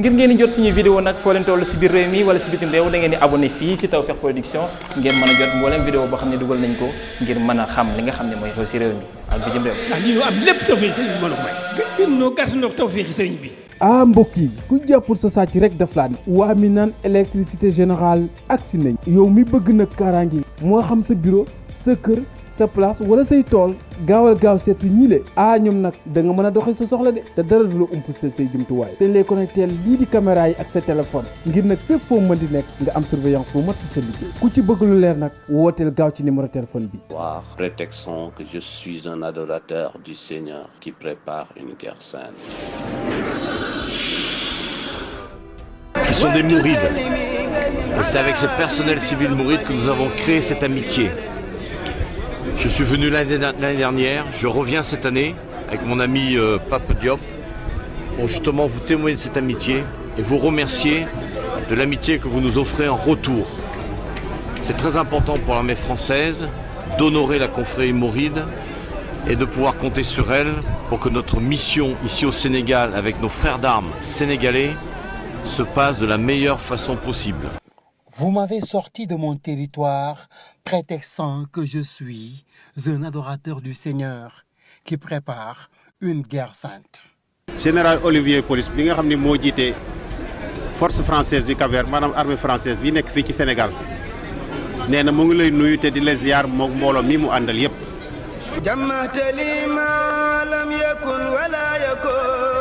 ngir ngeen di jot suñuy vidéo nag foo leen toll si biir réew mi wala si bitim réew da ngeen di abonné fii si Tawfekh Production ngeen mën a jot mboolem vidéo boo xam ne dugal nañ ko ngir mën a xam li nga xam ne mooy xew si réew mi ak bitim réew. ndax am lépp Tawfekh sëriñ bi mën a may. gën noo gàtt noo Tawfekh sëriñ bi. ah mbokk yi ku jàppul sa sàcc rek daf laa ne. waa mi naan électricité générale agsi nañ. yow mi bëgg nag kaaraange moo xam sa bureau sa kër sa place wala say tool gaawal gaaw seet si ñi le ah ñoom nag danga mën a doxee sa soxla de te dara du la ump seet say jumtuwaay te ñu lay connecté lii di caméra yi ak sa téléphone ngir nag fépp foo mën di nekk nga am surveillance bu mat si sa liggéey ku ci bëgg lu leer nag wooteel gaaw ci numéro téléphone bi. waaw prétextons que je suis un adorateur du Seigneur qui prépare une guerre sainte. Ils sont des Et c'est avec ce personnel civil mouride que nous Je suis venu l'année dernière, je reviens cette année avec mon ami euh, Pape Diop pour justement vous témoigner de cette amitié et vous remercier de l'amitié que vous nous offrez en retour. C'est très important pour l'armée française d'honorer la confrérie Mauride et de pouvoir compter sur elle pour que notre mission ici au Sénégal avec nos frères d'armes sénégalais se passe de la meilleure façon possible. Vous m'avez sorti de mon territoire, prétextant que je suis un adorateur du Seigneur qui prépare une guerre sainte. Général Olivier Polis bi nga xam ni moo jiite force française du Cap-Vert maanaam armée française bi nekk fii ci Sénégal nee na mu ngi lay nuyu te di la ziar moog mbooloo mi mu àndal yépp. jàmmatali ma lam yakun wala yakun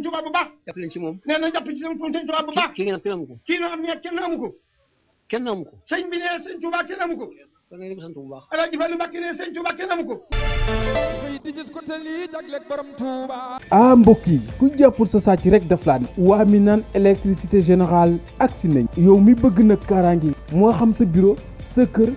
Sëñ Tuubaa bu baax. jàpp ci moom. nee na jàpp kii ngeen kenn amu ko. kii ngeen am ne kenn ko. kenn amu ko. sëñ bi nee Sëñ Tuubaa kenn amu ko. kon nag ñu ngi sant bu baax. El Hadj Fallou Mbacké nee Sëñ Tuubaa kenn amu ko. ah mbokk yi ku jàppul sa sàcc rek daf laa ne waa mi naan électricité générale agsi nañ yow mi bëgg nag kaaraange moo xam sa bureau sa kër.